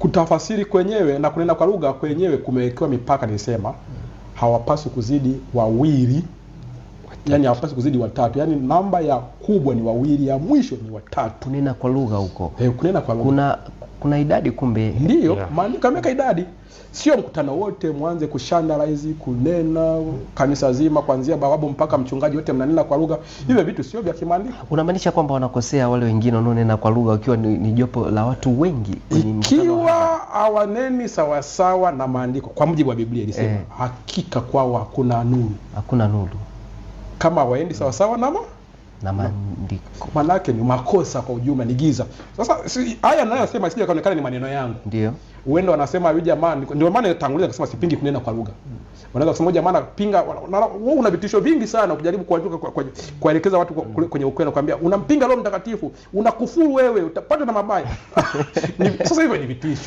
kutafasiri kwenyewe na kunena kwa lugha kwenyewe kumewekewa mipaka, nisema hawapaswi kuzidi wawili watatu. Yani hawapaswi kuzidi watatu, yani namba ya kubwa ni wawili, ya mwisho ni watatu. Kunena kwa lugha huko eh, kunena kwa lugha kuna kuna idadi kumbe. ndio yeah. Maandiko yameweka idadi, sio mkutano wote mwanze kushandalize kunena kanisa zima kuanzia bawabu mpaka mchungaji wote mnanena kwa lugha. Hivyo vitu sio vya kimaandiko. Unamaanisha kwamba wanakosea wale wengine wanaonena kwa lugha wakiwa ni, ni jopo la watu wengi ikiwa hawaneni sawasawa na maandiko kwa mujibu wa Biblia ilisema eh, hakika kwao hakuna nuru, hakuna nuru kama waendi sawasawa na na maandiko. yake ni makosa kwa ujumla, ni giza. Sasa si, haya anayosema sija kaonekana ni maneno yangu, ndio uende wanasema huyu jamaa. Ndio maana tanguliza kusema sipingi kunena kwa lugha hmm. Wanaweza kusema jamaa anapinga wewe, una vitisho vingi sana ukijaribu kuelekeza watu kwenye ukweli, nakwambia unampinga Roho Mtakatifu, unakufuru wewe, utapata na mabaya sasa hivyo ni vitisho